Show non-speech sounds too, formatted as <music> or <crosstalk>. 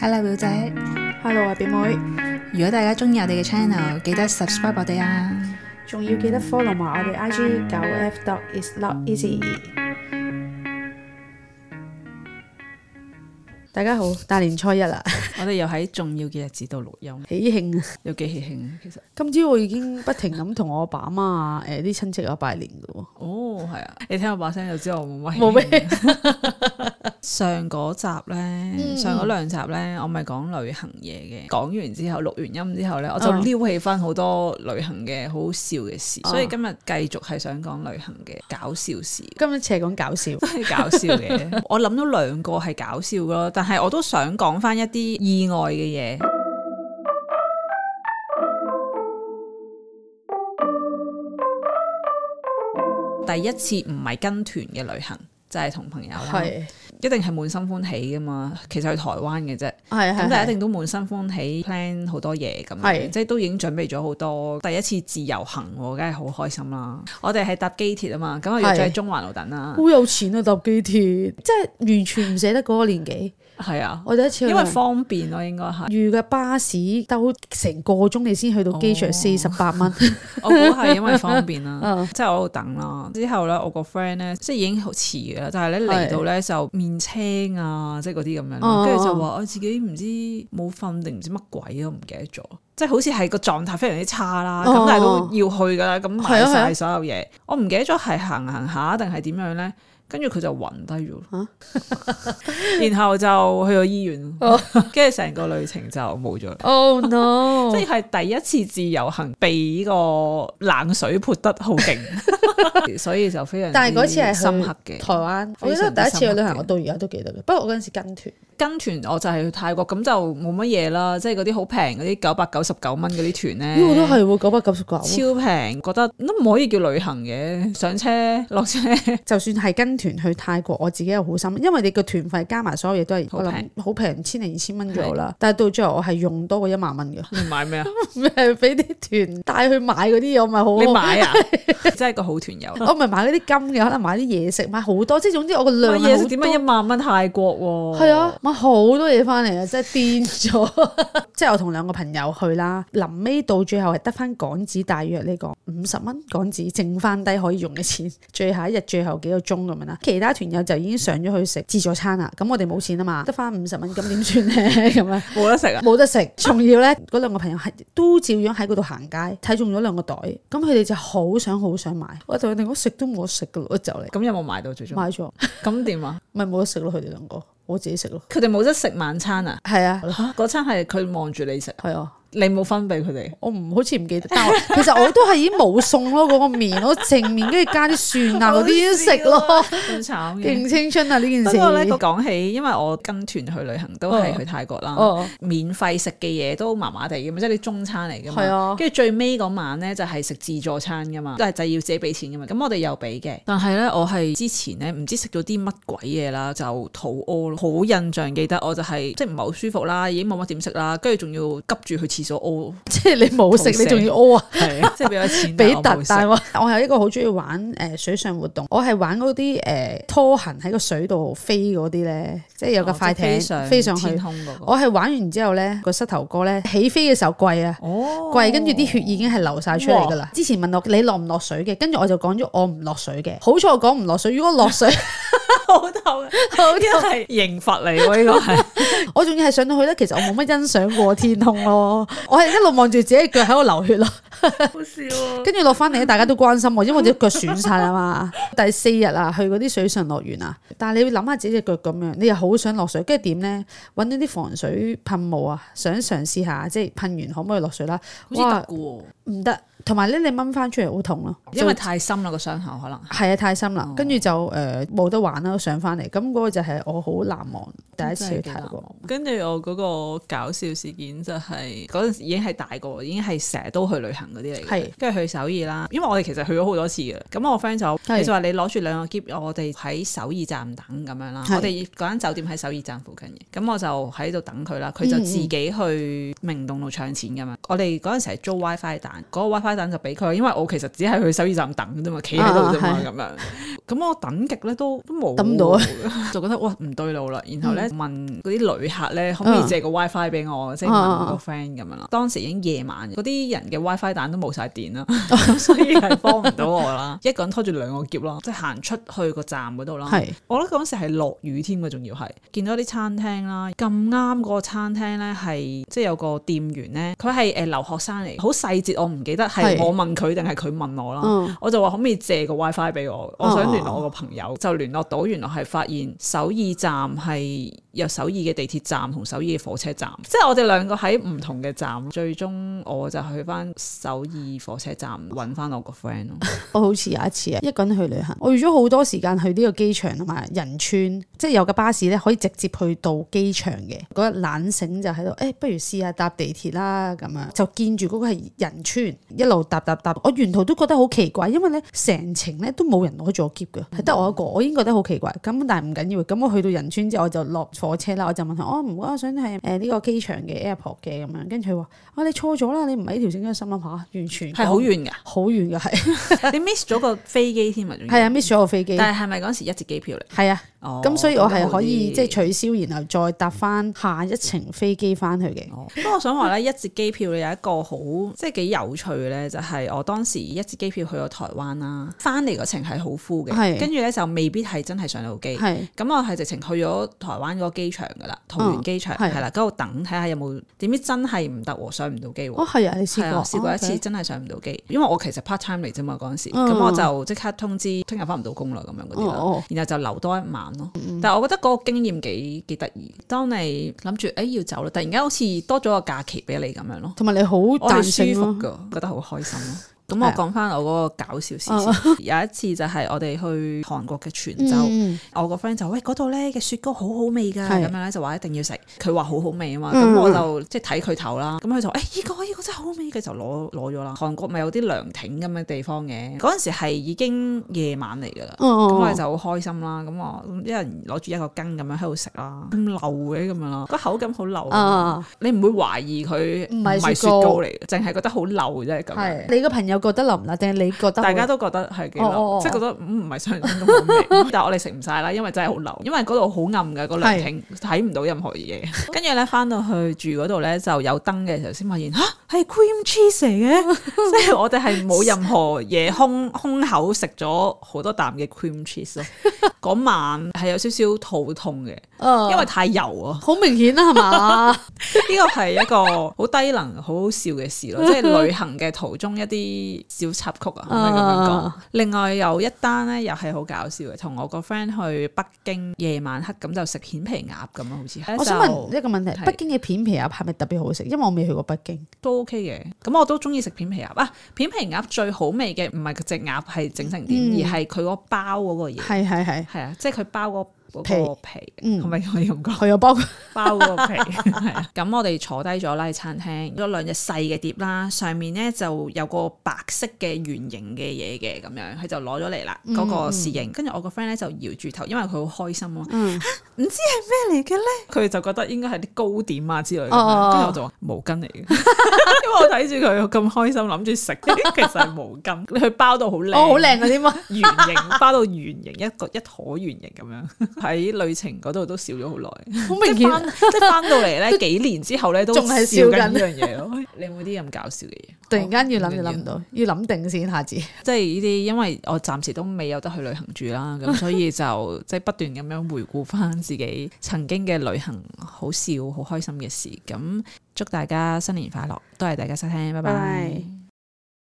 Hello 表姐，Hello 阿表妹。如果大家中意我哋嘅 channel，記得 subscribe 我哋啊！仲要記得 follow 埋我哋 IG 九 F dot is not easy。大家好，大年初一啦，我哋又喺重要嘅日子度錄音，喜慶啊！有幾喜慶啊？其實今朝我已經不停咁同我阿爸阿媽啊，誒啲親戚有拜年噶喎。哦，係啊，你聽我把聲就知我冇咩。上嗰集呢？嗯、上嗰兩集呢？我咪講旅行嘢嘅。講完之後，錄完音之後呢，我就撩起翻好多旅行嘅好好笑嘅事。嗯、所以今日繼續係想講旅行嘅搞笑事。今日淨係講搞笑， <laughs> 搞笑嘅。我諗到兩個係搞笑咯，但係我都想講翻一啲意外嘅嘢。 <music> 第一次唔係跟團嘅旅行。就係同朋友，一定係滿心歡喜㗎嘛。其實去台灣嘅啫，咁但係一定都滿心歡喜，plan 好多嘢咁。即係都已經準備咗好多，第一次自由行，梗係好開心啦。我哋係搭機鐵啊嘛，咁我要喺中環度等啦。好有錢啊！搭機鐵，即係完全唔捨得嗰個年紀。係啊，我第一次，因為方便咯，應該係。預個巴士兜成個鐘，你先去到機場，四十八蚊。我估係因為方便啦，即係我度等啦。之後咧，我個 friend 咧，即係已經好遲嘅。但係咧，嚟到咧就面青啊，即係嗰啲咁樣，跟住、哦、就話我自己唔知冇瞓定唔知乜鬼都唔記得咗，即係好似係個狀態非常之差啦。咁、哦、但係都要去噶啦，咁睇晒所有嘢，的我唔記得咗係行行下定係點樣咧。跟住佢就暈低咗，啊、然後就去咗醫院，跟住成個旅程就冇咗。Oh no！、哦、 <laughs> 即係第一次自由行 <laughs> 被呢個冷水潑得好勁， <laughs> 所以就非常。但係嗰次係深刻嘅，台灣。台灣我記得第一次去旅行，我到而家都記得嘅。 <laughs> 不過我嗰陣時跟團。跟團我就係去泰國咁就冇乜嘢啦，即係嗰啲好平嗰啲九百九十九蚊嗰啲團咧，呢個都係喎九百九十九，超平，覺得都唔可以叫旅行嘅。上車落車，就算係跟團去泰國，我自己又好心，因為你個團費加埋所有嘢都係好平，好平千零二千蚊左右啦。但係到最後我係用多過一萬蚊嘅。你買咩啊？係俾啲團帶去買嗰啲嘢，我咪好你買啊！真係個好團友，我咪買嗰啲金嘅，可能買啲嘢食，買好多。即係總之我個量嘢食點解一萬蚊泰國喎？係啊。好多嘢翻嚟啊！真係癲咗，即係 <laughs> 我同兩個朋友去啦，臨尾到最後係得翻港紙，大約呢個五十蚊港紙，剩翻低可以用嘅錢。最後一日最後幾個鐘咁樣啦，其他團友就已經上咗去食自助餐啦。咁我哋冇錢啊嘛，得翻五十蚊，咁點算呢？咁 <laughs> 樣冇得食啊？冇得食，仲要呢，嗰兩個朋友係都照樣喺嗰度行街，睇中咗兩個袋，咁佢哋就好想好想買。我同你講食都冇得食噶啦，我就嚟咁有冇買到最終？買咗了，咁點啊？咪冇 <laughs> 得食咯，佢哋兩個。我自己食咯，佢哋冇得食晚餐啊？係 <laughs> 啊，嗰餐係佢望住你食，係啊。你冇分俾佢哋？我唔好似唔記得，但係其實我都係已經冇餸咯，嗰、嗰個麵咯，淨麵，跟住加啲蒜啊嗰啲食咯，好 <laughs> 慘，勁青春啊呢件事。不過咧講起，因為我跟團去旅行都係去泰國啦，哦哦、免費食嘅嘢都麻麻地嘅，即係啲中餐嚟嘅嘛。係啊，跟住最尾嗰晚咧就係食自助餐㗎嘛，即係就係、要自己俾錢㗎嘛。咁我哋又俾嘅，但係咧我係之前咧唔知食咗啲乜鬼嘢啦，就肚屙好印象記得，我就係即係唔係好舒服啦，已經冇乜點食啦，跟住仲要急住去屙，即係你冇食，色你仲要屙啊！是 <laughs> 即係俾咗錢俾特大，但係我我有一個好中意玩誒、呃、水上活動，我係玩嗰啲誒拖行喺個水度飛嗰啲咧，即係有個快艇、哦、飛上，飛上去。空那個、我係玩完之後咧，個膝頭哥咧起飛嘅時候跪啊，跪，跟住啲血已經係流晒出嚟噶啦。哦、之前問我你落唔落水嘅，跟住我就講咗我唔落水嘅，好彩我講唔落水，如果落水。 <laughs> <laughs> 好痛，好啲係刑罰嚟喎，呢個係。我仲要係上到去咧，其實我冇乜欣賞過天空咯。 <laughs> 我係一路望住自己腳喺度流血咯。 <laughs> 好笑、啊。跟住落翻嚟咧，大家都關心我，因為隻腳損晒啊嘛。 <laughs> 第四日啊，去嗰啲水上樂園啊，但係你諗下自己隻腳咁樣，你又好想落水，跟住點咧？搵到啲防水噴霧啊，想嘗試下，即係噴完可唔可以落水啦？好似得嘅，唔得。同埋咧，你掹翻出嚟好痛咯，因為太深啦個，就傷口可能係啊太深啦，哦、跟住就誒冇、呃、得玩啦，上翻嚟咁，嗰個就係我好難忘、嗯、第一次去睇過。跟住我嗰個搞笑事件就係嗰陣時已經係大個，已經係成日都去旅行嗰啲嚟嘅，跟住是去首爾啦，因為我哋其實去咗好多次嘅，咁我 friend 就是就話你攞住兩個行李我哋喺首爾站等咁樣啦，是我哋嗰間酒店喺首爾站附近嘅，咁我就喺度等佢啦，佢就自己去明洞度搶錢噶嘛，嗯、哼我哋嗰陣時係租 WiFi，但嗰、嗰個 WiFi 一等就俾佢，因為我其實只係去首爾站等啫嘛，企喺度啫嘛，咁樣。咁我等極咧都都冇等到，就覺得，哇唔對路啦。然後咧問嗰啲旅客咧可唔可以借個 WiFi 俾我，即係問個 friend 咁樣啦。當時已經夜晚，嗰啲人嘅 WiFi 蛋都冇晒電啦，所以係幫唔到我啦。一個人拖住兩個喼咯，即係行出去個站嗰度啦。我覺得嗰時係落雨添嘅，仲要係見到啲餐廳啦。咁啱嗰個餐廳咧係即係有個店員咧，佢係誒留學生嚟，好細節我唔記得係我問佢定係佢問我啦。我就話可唔可以借個 WiFi 俾我，我想聯我個朋友就聯絡到，原來係發現首爾站係有首爾嘅地鐵站同首爾嘅火車站，即係我哋兩個喺唔同嘅站。最終我就去翻首爾火車站揾翻我個 friend 咯。 <laughs> 我好似有一次啊，一個人去旅行，我預咗好多時間去呢個機場同埋仁川，即係、就是、有個巴士咧可以直接去到機場嘅。嗰日懶醒就喺度，誒、欸，不如試下搭地鐵啦。咁啊，就見住嗰個係仁川一路搭搭搭，我沿途都覺得好奇怪，因為呢成程咧都冇人攞咗。係得我一個，我已經覺得好奇怪。咁但係唔緊要。咁我去到仁川之後，我就落火車啦。我就問佢：我、哦、唔，我想係誒呢個機場嘅 airport 嘅咁樣。跟住佢話：我你錯咗啦，你唔喺條線嘅心諗下、啊、完全係好遠嘅，好遠嘅係。 <laughs> 你 miss 咗個飛機添 <laughs> 啊！係啊，miss 咗個飛機。但係係咪嗰時一折機票嚟？係啊，咁、哦、所以我係可以即係取消，然後再搭翻下一程飛機翻去嘅。不過、哦、我想話咧， <laughs> 一折機票你有一個好即係幾有趣咧，就係、是、我當時一折機票去咗台灣啦，翻嚟個程係好 full 嘅。跟住咧就未必係真係上到機。咁我係直情去咗台灣嗰個機場噶啦，桃園機場係啦，嗰度等睇下有冇，點知真係唔得，上唔到機喎。哦，係啊，你試過。試過一次真係上唔到機，因為我其實 part time 嚟啫嘛嗰陣時，咁我就即刻通知聽日翻唔到工啦咁樣嗰啲啦。然後就留多一晚咯。但係我覺得嗰個經驗幾幾得意。當你諗住誒要走啦，突然間好似多咗個假期俾你咁樣咯。同埋你好彈性咯，覺得好開心。咁我講翻我嗰個搞笑事情，哦、有一次就係我哋去韓國嘅全州，嗯、我個 friend 就喂嗰度咧嘅雪糕好好味噶，咁是樣咧就話一定要食，佢話好好味啊嘛，咁、嗯、我就即係睇佢頭啦，咁佢就誒依、欸這個依、這個真係好味嘅，就攞攞咗啦。韓國咪有啲涼亭咁嘅地方嘅，嗰陣時係已經夜晚嚟噶啦，咁我哋就好開心啦，咁我一人攞住一個羹咁樣喺度食啦，咁流嘅咁樣咯，個口感好流啊，你唔會懷疑佢唔係雪糕嚟，淨係覺得好流啫咁。你個朋友。有覺得流唔流，定係你覺得？大家都覺得係幾流，oh, oh, oh, oh. 即係覺得唔唔係上等咁味。但係我哋食唔晒啦，因為真係好流，因為嗰度好暗嘅、個涼亭，睇唔是到任何嘢。跟住咧返到去住嗰度咧，就有燈嘅時候先發現，吓、啊，係 cream cheese 嚟嘅，即係 <laughs> 我哋係冇任何嘢空 <laughs> 空口食咗好多啖嘅 cream cheese。嗰 <laughs> 晚係有少少肚痛嘅。因為太油啊，好明顯啦，係嘛？呢個係一個好低能、好好笑嘅事咯，即係旅行嘅途中一啲小插曲啊，唔係咁樣講。另外有一單呢，又係好搞笑嘅，同我個 friend 去北京夜晚黑，咁就食片皮鴨咁啊，好似係。我想問一個問題：北京嘅片皮鴨係咪特別好食？因為我未去過北京，都 OK 嘅。咁我都中意食片皮鴨啊！片皮鴨最好味嘅唔係隻鴨係整成點，而係佢個包嗰個嘢。係係係係啊！即係佢包個。個皮，係咪、嗯、用過？佢啊，包包個皮，係啊。 <laughs> 咁我哋坐低咗啦，喺餐廳，咁兩隻細嘅碟啦，上面咧就有個白色嘅圓形嘅嘢嘅，咁樣佢就攞咗嚟啦，嗰、嗯、個侍應。跟住我個 friend 咧就搖住頭，因為佢好開心啊，唔、嗯、知係咩嚟嘅咧。佢就覺得應該係啲糕點啊之類，跟住、哦、我就話毛巾嚟嘅， <laughs> 因為我睇住佢咁開心，諗住食，其實係毛巾。你去 <laughs> 包到好靚，好靚嗰啲乜？圓、啊、形，包到圓形，一個一坨圓形咁樣。 <laughs> <laughs> 喺旅程嗰度都笑咗好耐，好明顯， <laughs> 即係翻到嚟咧， <laughs> 幾年之後咧都仲係笑緊呢樣嘢咯。 <laughs> 你有冇啲咁搞笑嘅嘢？突然間要諗就諗唔到， <laughs> 要諗定先下次。即係呢啲，因為我暫時都未有得去旅行住啦，咁所以就即係不斷咁樣回顧翻自己曾經嘅旅行，好笑、好開心嘅事。咁祝大家新年快樂，多謝大家收聽，拜拜。Bye bye.